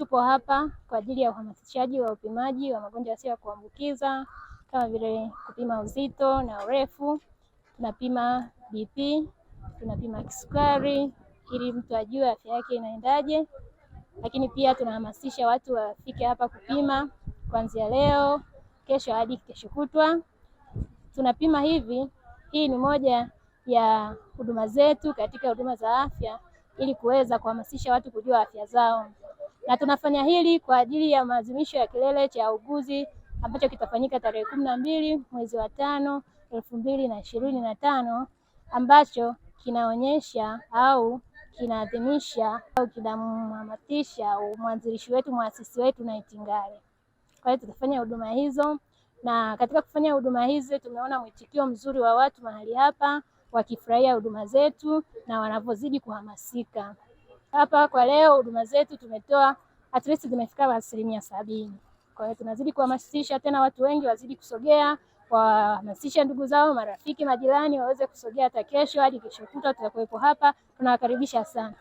Tupo hapa kwa ajili ya uhamasishaji wa upimaji wa magonjwa yasiyo ya kuambukiza kama vile kupima uzito na urefu. Tunapima BP, tunapima kisukari ili mtu ajue afya yake inaendaje, lakini pia tunahamasisha watu wafike hapa kupima kuanzia leo, kesho hadi kesho kutwa. Tunapima hivi. Hii ni moja ya huduma zetu katika huduma za afya ili kuweza kuhamasisha watu kujua afya zao na tunafanya hili kwa ajili ya maadhimisho ya kilele cha uguzi ambacho kitafanyika tarehe kumi na mbili mwezi wa tano elfu mbili na ishirini na tano ambacho kinaonyesha au kinaadhimisha au kinamhamasisha mwanzilishi wetu mwasisi wetu Night Kwa hiyo tutafanya huduma hizo, na katika kufanya huduma hizo tumeona mwitikio mzuri wa watu mahali hapa wakifurahia huduma zetu na wanavyozidi kuhamasika. Hapa kwa leo huduma zetu tumetoa at least zimefika asilimia sabini. Kwa hiyo tunazidi kuhamasisha tena watu wengi wazidi kusogea, wahamasisha ndugu zao, marafiki, majirani waweze kusogea hata kesho hadi kesho kutwa tutakuwepo hapa. Tunawakaribisha sana.